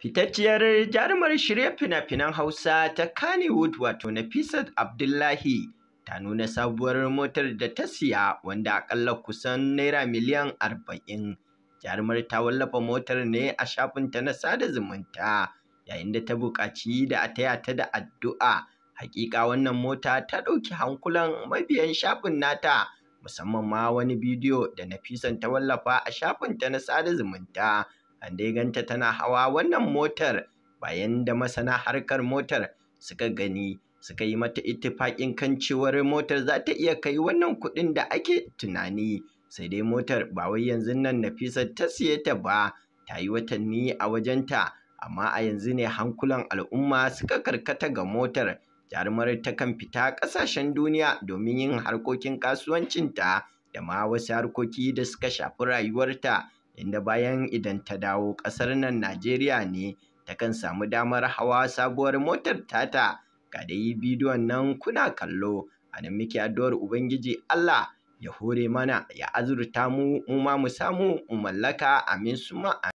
Fitacciyar jarumar shirya fina-finan Hausa ta Kannywood wato Nafisat Abdullahi ta nuna sabuwar motar da ta siya wanda akalla kusan naira miliyan arba'in. Jarumar ta wallafa motar ne a shafinta na sada zumunta yayin da ta buƙaci da a taya ta da addu'a. Hakika wannan mota ta ɗauki hankulan mabiyan shafin nata musamman ma wani bidiyo da Nafisan ta wallafa a shafinta na sada zumunta. an dai ganta tana hawa wannan motar bayan da masana harkar motar suka gani suka yi mata ittifaƙin kan cewar motar za ta iya kai wannan kuɗin da ake tunani sai dai motar ba wai yanzu nan Nafisa ta siye ta ba ta yi watanni a wajenta amma a yanzu ne hankulan al'umma suka karkata ga motar jarumar ta kan fita ƙasashen duniya domin yin harkokin kasuwancinta da ma wasu harkoki da suka shafi rayuwarta inda bayan idan ta dawo ƙasar nan Najeriya ne ta kan samu damar hawa sabuwar motar tata ga dai bidiyon nan kuna kallo a nan muke addu'ar Ubangiji Allah ya hore mana ya azurta mu mu ma mu samu mu mallaka amin suma